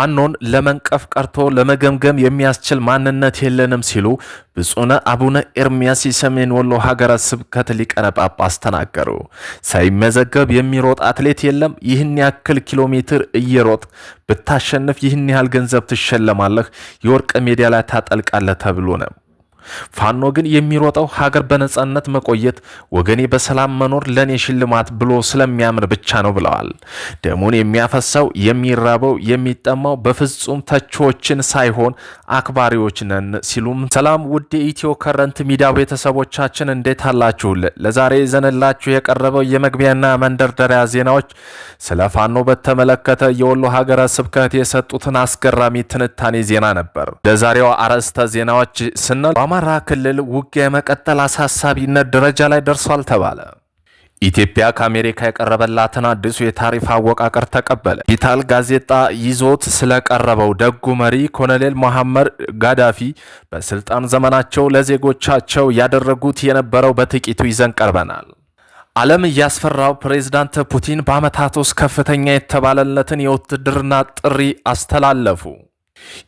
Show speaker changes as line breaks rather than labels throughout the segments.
ፋኖን ለመንቀፍ ቀርቶ ለመገምገም የሚያስችል ማንነት የለንም ሲሉ ብፁነ አቡነ ኤርሚያስ የሰሜን ወሎ ሀገረ ስብከት ሊቀነ ጳጳስ ተናገሩ። ሳይመዘገብ የሚሮጥ አትሌት የለም። ይህን ያክል ኪሎ ሜትር እየሮጥ ብታሸንፍ ይህን ያህል ገንዘብ ትሸለማለህ፣ የወርቅ ላይ ታጠልቃለህ ተብሎ ነው ፋኖ ግን የሚሮጠው ሀገር በነጻነት መቆየት ወገኔ በሰላም መኖር ለእኔ ሽልማት ብሎ ስለሚያምር ብቻ ነው ብለዋል። ደሙን የሚያፈሰው የሚራበው የሚጠማው በፍጹም ተቺዎችን ሳይሆን አክባሪዎች ነን ሲሉም ሰላም ውድ የኢትዮ ከረንት ሚዲያ ቤተሰቦቻችን እንዴት አላችሁል? ለዛሬ ዘነላችሁ የቀረበው የመግቢያና መንደርደሪያ ዜናዎች ስለ ፋኖ በተመለከተ የወሎ ሀገረ ስብከት የሰጡትን አስገራሚ ትንታኔ ዜና ነበር። ለዛሬው አርዕስተ ዜናዎች ስናል በአማራ ክልል ውጊያ የመቀጠል አሳሳቢነት ደረጃ ላይ ደርሷል ተባለ። ኢትዮጵያ ከአሜሪካ የቀረበላትን አዲሱ የታሪፍ አወቃቀር ተቀበለ። ቪታል ጋዜጣ ይዞት ስለቀረበው ደጉ መሪ ኮሎኔል መሐመድ ጋዳፊ በስልጣን ዘመናቸው ለዜጎቻቸው ያደረጉት የነበረው በጥቂቱ ይዘን ቀርበናል። ዓለም እያስፈራው ፕሬዝዳንት ፑቲን በዓመታት ውስጥ ከፍተኛ የተባለለትን የውትድርና ጥሪ አስተላለፉ።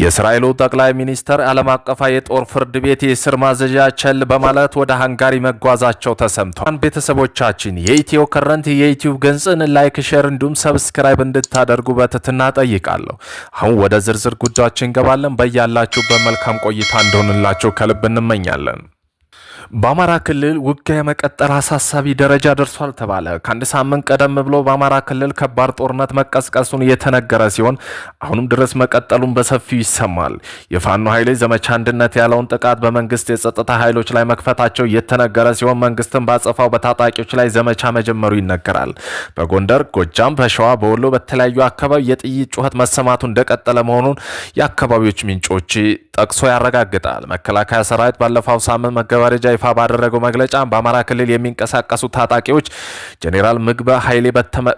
የእስራኤሉ ጠቅላይ ሚኒስተር ዓለም አቀፋ የጦር ፍርድ ቤት የእስር ማዘዣ ቸል በማለት ወደ ሃንጋሪ መጓዛቸው ተሰምቷል። ቤተሰቦቻችን የኢትዮ ከረንት የዩቲዩብ ገጽን ላይክ፣ ሼር እንዲሁም ሰብስክራይብ እንድታደርጉ በትትና ጠይቃለሁ። አሁን ወደ ዝርዝር ጉዳዮች እንገባለን። በያላችሁ በመልካም ቆይታ እንደሆንላችሁ ከልብ እንመኛለን። በአማራ ክልል ውጊያ የመቀጠል አሳሳቢ ደረጃ ደርሷል ተባለ። ከአንድ ሳምንት ቀደም ብሎ በአማራ ክልል ከባድ ጦርነት መቀስቀሱን የተነገረ ሲሆን አሁንም ድረስ መቀጠሉን በሰፊው ይሰማል። የፋኖ ኃይሎች ዘመቻ አንድነት ያለውን ጥቃት በመንግስት የጸጥታ ኃይሎች ላይ መክፈታቸው የተነገረ ሲሆን መንግስትን ባጸፋው በታጣቂዎች ላይ ዘመቻ መጀመሩ ይነገራል። በጎንደር፣ ጎጃም፣ በሸዋ፣ በወሎ በተለያዩ አካባቢ የጥይት ጩኸት መሰማቱ እንደቀጠለ መሆኑን የአካባቢዎች ምንጮች ጠቅሶ ያረጋግጣል። መከላከያ ሰራዊት ባለፈው ሳምንት መገባደጃ ይፋ ባደረገው መግለጫ በአማራ ክልል የሚንቀሳቀሱ ታጣቂዎች ጄኔራል ምግበ ኃይሌ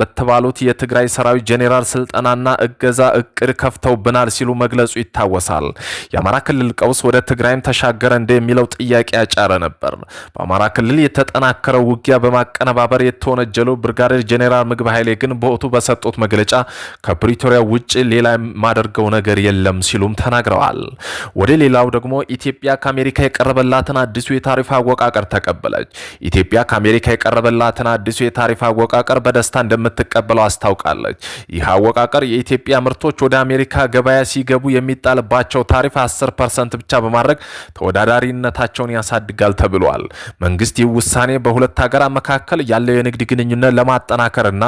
በተባሉት የትግራይ ሰራዊት ጄኔራል ስልጠናና እገዛ እቅድ ከፍተውብናል ሲሉ መግለጹ ይታወሳል። የአማራ ክልል ቀውስ ወደ ትግራይም ተሻገረ እንደ የሚለው ጥያቄ ያጫረ ነበር። በአማራ ክልል የተጠናከረው ውጊያ በማቀነባበር የተወነጀለው ብርጋዴር ጄኔራል ምግበ ኃይሌ ግን በወቅቱ በሰጡት መግለጫ ከፕሪቶሪያ ውጭ ሌላ የማደርገው ነገር የለም ሲሉም ተናግረዋል። ወደ ሌላው ደግሞ ኢትዮጵያ ከአሜሪካ የቀረበላትን አዲሱ የታሪፍ የታሪፍ አወቃቀር ተቀበለች። ኢትዮጵያ ከአሜሪካ የቀረበላትን አዲሱ የታሪፍ አወቃቀር በደስታ እንደምትቀበለው አስታውቃለች። ይህ አወቃቀር የኢትዮጵያ ምርቶች ወደ አሜሪካ ገበያ ሲገቡ የሚጣልባቸው ታሪፍ 10 ፐርሰንት ብቻ በማድረግ ተወዳዳሪነታቸውን ያሳድጋል ተብሏል። መንግስት ይህ ውሳኔ በሁለት ሀገራት መካከል ያለው የንግድ ግንኙነት ለማጠናከርና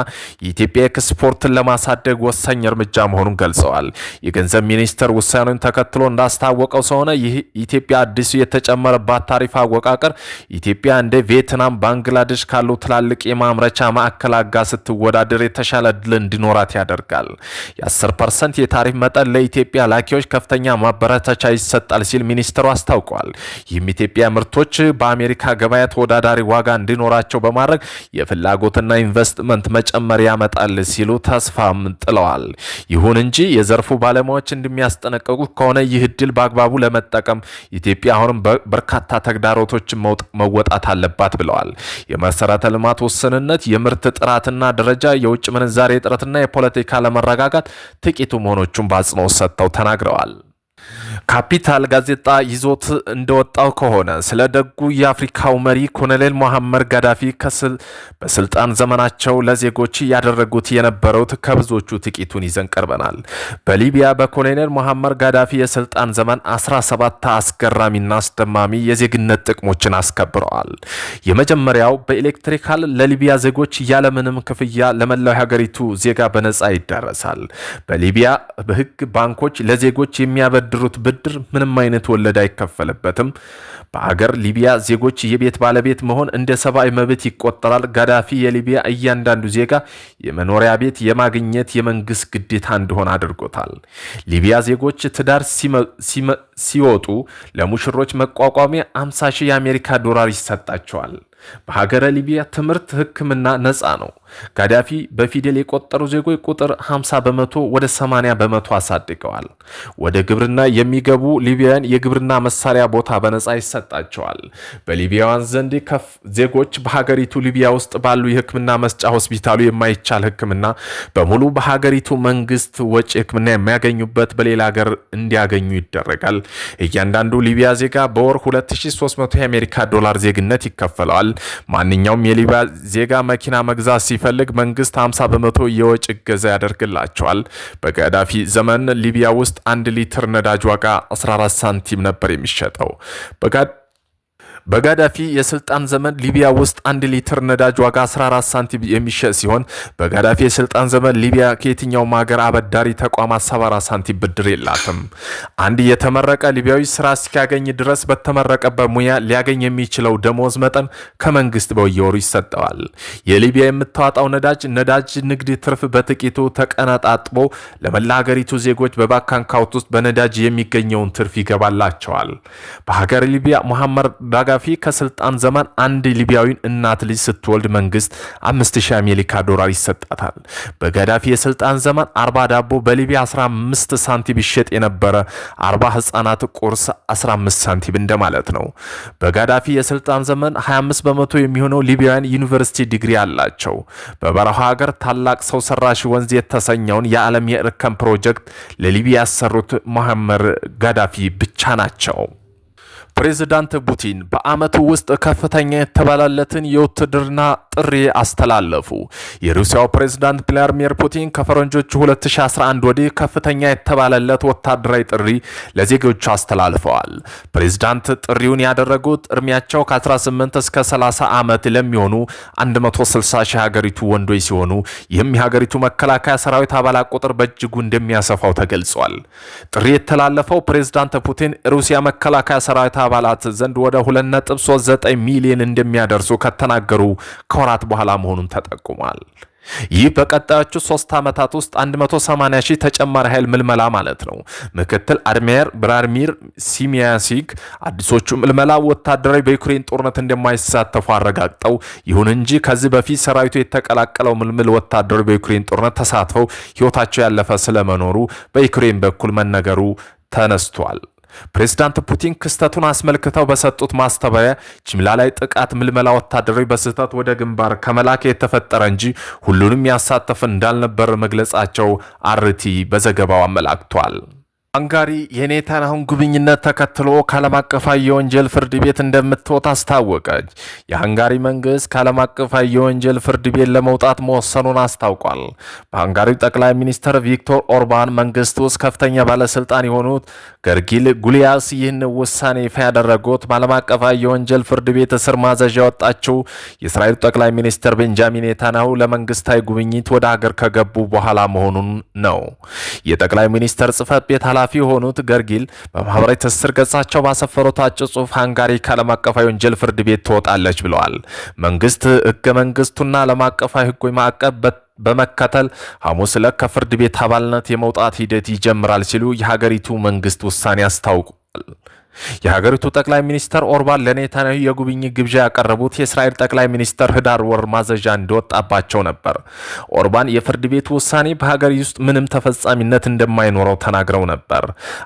የኢትዮጵያ ኤክስፖርትን ለማሳደግ ወሳኝ እርምጃ መሆኑን ገልጸዋል። የገንዘብ ሚኒስቴር ውሳኔውን ተከትሎ እንዳስታወቀው ሰሆነ ይህ ኢትዮጵያ አዲሱ የተጨመረባት ታሪፍ አወቃ አቆጣጠር ኢትዮጵያ እንደ ቪየትናም፣ ባንግላዴሽ ካሉ ትላልቅ የማምረቻ ማዕከላት ጋር ስትወዳደር የተሻለ ድል እንዲኖራት ያደርጋል። የ10 ፐርሰንት የታሪፍ መጠን ለኢትዮጵያ ላኪዎች ከፍተኛ ማበረታቻ ይሰጣል ሲል ሚኒስትሩ አስታውቋል። ይህም ኢትዮጵያ ምርቶች በአሜሪካ ገበያ ተወዳዳሪ ዋጋ እንዲኖራቸው በማድረግ የፍላጎትና ኢንቨስትመንት መጨመር ያመጣል ሲሉ ተስፋም ጥለዋል። ይሁን እንጂ የዘርፉ ባለሙያዎች እንደሚያስጠነቀቁት ከሆነ ይህ እድል በአግባቡ ለመጠቀም ኢትዮጵያ አሁንም በርካታ ተግዳሮቶች ኃላፊነቶችን መወጣት አለባት ብለዋል። የመሰረተ ልማት ውስንነት፣ የምርት ጥራትና ደረጃ፣ የውጭ ምንዛሬ እጥረትና የፖለቲካ ለመረጋጋት ጥቂቱ መሆኖቹን በአጽንኦት ሰጥተው ተናግረዋል። ካፒታል ጋዜጣ ይዞት እንደወጣው ከሆነ ስለ ደጉ የአፍሪካው መሪ ኮሎኔል ሞሐመድ ጋዳፊ በስልጣን ዘመናቸው ለዜጎች ያደረጉት የነበረውት ከብዙዎቹ ጥቂቱን ይዘን ቀርበናል። በሊቢያ በኮሎኔል ሞሐመድ ጋዳፊ የስልጣን ዘመን 17 አስገራሚና አስደማሚ የዜግነት ጥቅሞችን አስከብረዋል። የመጀመሪያው በኤሌክትሪካል ለሊቢያ ዜጎች ያለምንም ክፍያ ለመላው ሀገሪቱ ዜጋ በነፃ ይዳረሳል። በሊቢያ በህግ ባንኮች ለዜጎች የሚያበድሩት ብድር ምንም አይነት ወለድ አይከፈልበትም። በሀገር ሊቢያ ዜጎች የቤት ባለቤት መሆን እንደ ሰብአዊ መብት ይቆጠራል። ጋዳፊ የሊቢያ እያንዳንዱ ዜጋ የመኖሪያ ቤት የማግኘት የመንግስት ግዴታ እንደሆነ አድርጎታል። ሊቢያ ዜጎች ትዳር ሲወጡ ለሙሽሮች መቋቋሚያ 50 ሺህ የአሜሪካ ዶላር ይሰጣቸዋል። በሀገረ ሊቢያ ትምህርት፣ ህክምና ነፃ ነው። ጋዳፊ በፊደል የቆጠሩ ዜጎች ቁጥር 50 በመቶ ወደ 80 በመቶ አሳድገዋል። ወደ ግብርና የሚገቡ ሊቢያውያን የግብርና መሳሪያ ቦታ በነፃ ይሰጣቸዋል። በሊቢያውያን ዘንድ ከፍ ዜጎች በሀገሪቱ ሊቢያ ውስጥ ባሉ የህክምና መስጫ ሆስፒታሉ የማይቻል ህክምና በሙሉ በሀገሪቱ መንግስት ወጪ ህክምና የሚያገኙበት በሌላ ሀገር እንዲያገኙ ይደረጋል። እያንዳንዱ ሊቢያ ዜጋ በወር 2300 የአሜሪካ ዶላር ዜግነት ይከፈለዋል። ተገልጿል። ማንኛውም የሊቢያ ዜጋ መኪና መግዛት ሲፈልግ መንግስት 50 በመቶ የወጭ እገዛ ያደርግላቸዋል። በገዳፊ ዘመን ሊቢያ ውስጥ አንድ ሊትር ነዳጅ ዋጋ 14 ሳንቲም ነበር የሚሸጠው። በጋዳፊ የስልጣን ዘመን ሊቢያ ውስጥ አንድ ሊትር ነዳጅ ዋጋ 14 ሳንቲም የሚሸጥ ሲሆን በጋዳፊ የስልጣን ዘመን ሊቢያ ከየትኛውም ሀገር አበዳሪ ተቋማት 74 ሳንቲም ብድር የላትም። አንድ የተመረቀ ሊቢያዊ ስራ እስኪያገኝ ድረስ በተመረቀበት ሙያ ሊያገኝ የሚችለው ደሞዝ መጠን ከመንግስት በየወሩ ይሰጠዋል። የሊቢያ የምታወጣው ነዳጅ ነዳጅ ንግድ ትርፍ በጥቂቱ ተቀነጣጥቦ ለመላ ሀገሪቱ ዜጎች በባካንካውት ውስጥ በነዳጅ የሚገኘውን ትርፍ ይገባላቸዋል። በሀገር ሊቢያ ሙሐመር ዳጋ ጋዳፊ ከስልጣን ዘመን አንድ ሊቢያዊን እናት ልጅ ስትወልድ መንግስት 5000 አሜሪካ ዶላር ይሰጣታል። በጋዳፊ የስልጣን ዘመን አርባ ዳቦ በሊቢያ 15 ሳንቲም ይሸጥ የነበረ አርባ ህጻናት ቁርስ 15 ሳንቲም እንደማለት ነው። በጋዳፊ የስልጣን ዘመን 25 በመቶ የሚሆነው ሊቢያውያን ዩኒቨርሲቲ ዲግሪ አላቸው። በበረሃ ሀገር ታላቅ ሰው ሰራሽ ወንዝ የተሰኘውን የዓለም የእርከን ፕሮጀክት ለሊቢያ ያሰሩት መሐመር ጋዳፊ ብቻ ናቸው። ፕሬዚዳንት ፑቲን በዓመቱ ውስጥ ከፍተኛ የተባላለትን የውትድርና ጥሪ አስተላለፉ። የሩሲያው ፕሬዚዳንት ቭላዲሚር ፑቲን ከፈረንጆቹ 2011 ወዲህ ከፍተኛ የተባለለት ወታደራዊ ጥሪ ለዜጎቹ አስተላልፈዋል። ፕሬዚዳንት ጥሪውን ያደረጉት እድሜያቸው ከ18 እስከ 30 ዓመት ለሚሆኑ 160 ሺህ ሀገሪቱ ወንዶች ሲሆኑ ይህም የሀገሪቱ መከላከያ ሰራዊት አባላት ቁጥር በእጅጉ እንደሚያሰፋው ተገልጿል። ጥሪ የተላለፈው ፕሬዚዳንት ፑቲን ሩሲያ መከላከያ ሰራዊት አባላት ዘንድ ወደ 2.39 ሚሊዮን እንደሚያደርሱ ከተናገሩ ከወራት በኋላ መሆኑን ተጠቁሟል። ይህ በቀጣዮቹ ሶስት ዓመታት ውስጥ 180 ሺህ ተጨማሪ ኃይል ምልመላ ማለት ነው። ምክትል አድሜር ብራድሚር ሲሚያሲክ አዲሶቹ ምልመላ ወታደራዊ በዩክሬን ጦርነት እንደማይሳተፉ አረጋግጠው፣ ይሁን እንጂ ከዚህ በፊት ሰራዊቱ የተቀላቀለው ምልምል ወታደራዊ በዩክሬን ጦርነት ተሳትፈው ሕይወታቸው ያለፈ ስለመኖሩ በዩክሬን በኩል መነገሩ ተነስቷል። ፕሬዚዳንት ፑቲን ክስተቱን አስመልክተው በሰጡት ማስተባበያ ጅምላ ላይ ጥቃት፣ ምልመላ ወታደሮች በስህተት ወደ ግንባር ከመላክ የተፈጠረ እንጂ ሁሉንም ያሳተፈ እንዳልነበር መግለጻቸው አርቲ በዘገባው አመላክቷል። ሃንጋሪ የኔታንያሁን ጉብኝነት ተከትሎ ከዓለም አቀፋዊ የወንጀል ፍርድ ቤት እንደምትወጣ አስታወቀች። የሃንጋሪ መንግስት ከዓለም አቀፋዊ የወንጀል ፍርድ ቤት ለመውጣት መወሰኑን አስታውቋል። በሃንጋሪው ጠቅላይ ሚኒስትር ቪክቶር ኦርባን መንግስት ውስጥ ከፍተኛ ባለስልጣን የሆኑት ገርጊል ጉሊያስ ይህን ውሳኔ ይፋ ያደረጉት በዓለም አቀፋዊ የወንጀል ፍርድ ቤት እስር ማዘዣ ያወጣችው የእስራኤሉ ጠቅላይ ሚኒስትር ቤንጃሚን ኔታንያሁ ለመንግስታዊ ጉብኝት ወደ ሀገር ከገቡ በኋላ መሆኑን ነው። የጠቅላይ ሚኒስትር ጽህፈት ቤት ኃላፊ ኃላፊ የሆኑት ገርጊል በማህበራዊ ትስስር ገጻቸው ባሰፈሩት አጭር ጽሁፍ ሃንጋሪ ከዓለም አቀፋዊ ወንጀል ፍርድ ቤት ትወጣለች ብለዋል። መንግስት ህገ መንግስቱና ዓለም አቀፋዊ ህጎች ማዕቀብ በመከተል ሐሙስ ዕለት ከፍርድ ቤት አባልነት የመውጣት ሂደት ይጀምራል ሲሉ የሀገሪቱ መንግስት ውሳኔ አስታውቋል። የሀገሪቱ ጠቅላይ ሚኒስተር ኦርባን ለኔታንያሁ የጉብኝት ግብዣ ያቀረቡት የእስራኤል ጠቅላይ ሚኒስተር ህዳር ወር ማዘዣ እንደወጣባቸው ነበር። ኦርባን የፍርድ ቤት ውሳኔ በሀገር ውስጥ ምንም ተፈጻሚነት እንደማይኖረው ተናግረው ነበር።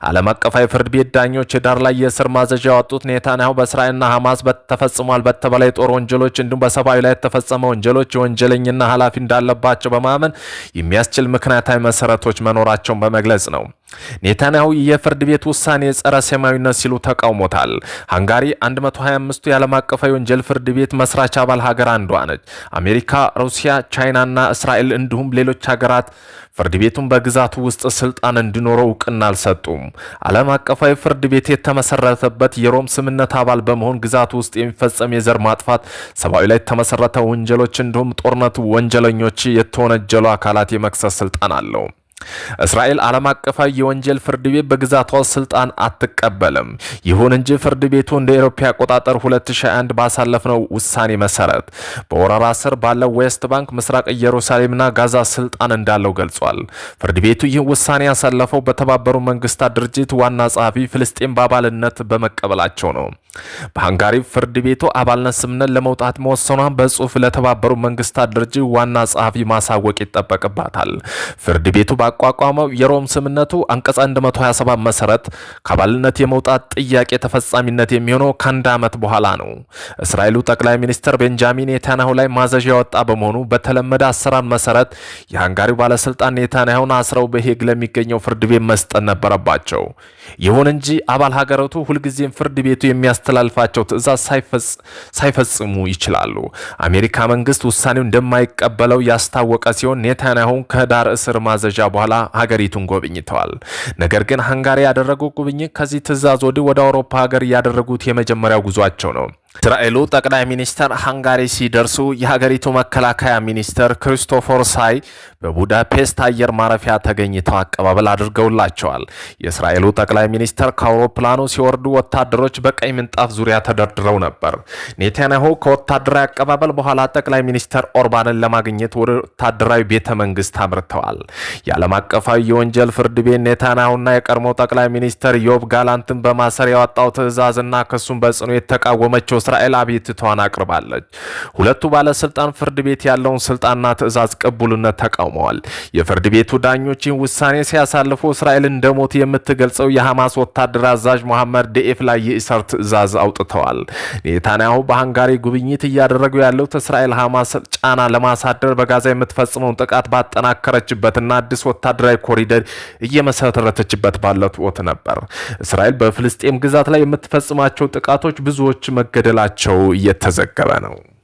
ዓለም አቀፋዊ ፍርድ ቤት ዳኞች ህዳር ላይ የእስር ማዘዣ ያወጡት ኔታንያሁ በእስራኤልና ሐማስ ተፈጽሟል በተባለ የጦር ወንጀሎች እንዲሁም በሰብአዊ ላይ የተፈጸመ ወንጀሎች የወንጀለኝና ኃላፊ እንዳለባቸው በማመን የሚያስችል ምክንያታዊ መሰረቶች መኖራቸውን በመግለጽ ነው። ኔታንያሁ የፍርድ ቤት ውሳኔ ጸረ ሰማዊነት ሲሉ ተቃውሞታል። ሃንጋሪ 125ቱ የዓለም አቀፍ የወንጀል ፍርድ ቤት መስራች አባል ሀገር አንዷ ነች። አሜሪካ፣ ሩሲያ፣ ቻይናና እስራኤል እንዲሁም ሌሎች ሀገራት ፍርድ ቤቱን በግዛቱ ውስጥ ስልጣን እንዲኖረው እውቅና አልሰጡም። ዓለም አቀፋዊ ፍርድ ቤት የተመሰረተበት የሮም ስምነት አባል በመሆን ግዛቱ ውስጥ የሚፈጸም የዘር ማጥፋት፣ ሰብአዊ ላይ የተመሰረተ ወንጀሎች እንዲሁም ጦርነቱ ወንጀለኞች የተወነጀሉ አካላት የመክሰስ ስልጣን አለው። እስራኤል ዓለም አቀፋዊ የወንጀል ፍርድ ቤት በግዛቷ ስልጣን አትቀበልም። ይሁን እንጂ ፍርድ ቤቱ እንደ ኤሮፓ አቆጣጠር 2021 ባሳለፍነው ውሳኔ መሰረት በወረራ ስር ባለው ዌስት ባንክ፣ ምስራቅ ኢየሩሳሌምና ጋዛ ስልጣን እንዳለው ገልጿል። ፍርድ ቤቱ ይህ ውሳኔ ያሳለፈው በተባበሩ መንግስታት ድርጅት ዋና ጸሐፊ ፍልስጤም በአባልነት በመቀበላቸው ነው። በሃንጋሪ ፍርድ ቤቱ አባልነት ስምነት ለመውጣት መወሰኗን በጽሁፍ ለተባበሩ መንግስታት ድርጅት ዋና ጸሐፊ ማሳወቅ ይጠበቅባታል። ፍርድ ቤቱ ባቋቋመው የሮም ስምነቱ አንቀጽ 127 መሰረት ከአባልነት የመውጣት ጥያቄ ተፈጻሚነት የሚሆነው ከአንድ ዓመት በኋላ ነው። እስራኤሉ ጠቅላይ ሚኒስትር ቤንጃሚን ኔታንያሁ ላይ ማዘዣ ያወጣ በመሆኑ በተለመደ አሰራር መሰረት የሃንጋሪው ባለስልጣን ኔታንያሁን አስረው በሄግ ለሚገኘው ፍርድ ቤት መስጠት ነበረባቸው። ይሁን እንጂ አባል ሀገረቱ ሁልጊዜም ፍርድ ቤቱ የሚያስተላልፋቸው ትዕዛዝ ሳይፈጽሙ ይችላሉ። አሜሪካ መንግስት ውሳኔው እንደማይቀበለው ያስታወቀ ሲሆን ኔታንያሁን ከዳር እስር ማዘዣ በኋላ በኋላ ሀገሪቱን ጎብኝተዋል። ነገር ግን ሃንጋሪ ያደረጉት ጉብኝት ከዚህ ትዕዛዝ ወዲህ ወደ አውሮፓ ሀገር እያደረጉት የመጀመሪያው ጉዟቸው ነው። እስራኤሉ ጠቅላይ ሚኒስተር ሃንጋሪ ሲደርሱ የሀገሪቱ መከላከያ ሚኒስተር ክሪስቶፈር ሳይ በቡዳፔስት አየር ማረፊያ ተገኝተው አቀባበል አድርገውላቸዋል። የእስራኤሉ ጠቅላይ ሚኒስተር ከአውሮፕላኑ ሲወርዱ ወታደሮች በቀይ ምንጣፍ ዙሪያ ተደርድረው ነበር። ኔታንያሁ ከወታደራዊ አቀባበል በኋላ ጠቅላይ ሚኒስተር ኦርባንን ለማግኘት ወደ ወታደራዊ ቤተ መንግስት አምርተዋል። የዓለም አቀፋዊ የወንጀል ፍርድ ቤት ኔታንያሁና የቀድሞ ጠቅላይ ሚኒስተር ዮብ ጋላንትን በማሰር ያወጣው ትዕዛዝና ክሱን በጽኑ የተቃወመችው እስራኤል አቤቱታዋን አቅርባለች። ሁለቱ ባለስልጣን ፍርድ ቤት ያለውን ስልጣንና ትዕዛዝ ቅቡልነት ተቃውመዋል። የፍርድ ቤቱ ዳኞችን ውሳኔ ሲያሳልፉ እስራኤል እንደ ሞት የምትገልጸው የሐማስ ወታደር አዛዥ መሐመድ ደኤፍ ላይ የእስር ትዕዛዝ አውጥተዋል። ኔታንያሁ በሃንጋሪ ጉብኝት እያደረጉ ያለው እስራኤል ሐማስ ጫና ለማሳደር በጋዛ የምትፈጽመውን ጥቃት ባጠናከረችበትና አዲስ ወታደራዊ ኮሪደር እየመሰረተችበት ባለት ወት ነበር። እስራኤል በፍልስጤም ግዛት ላይ የምትፈጽማቸው ጥቃቶች ብዙዎች መገደ መገደላቸው እየተዘገበ ነው።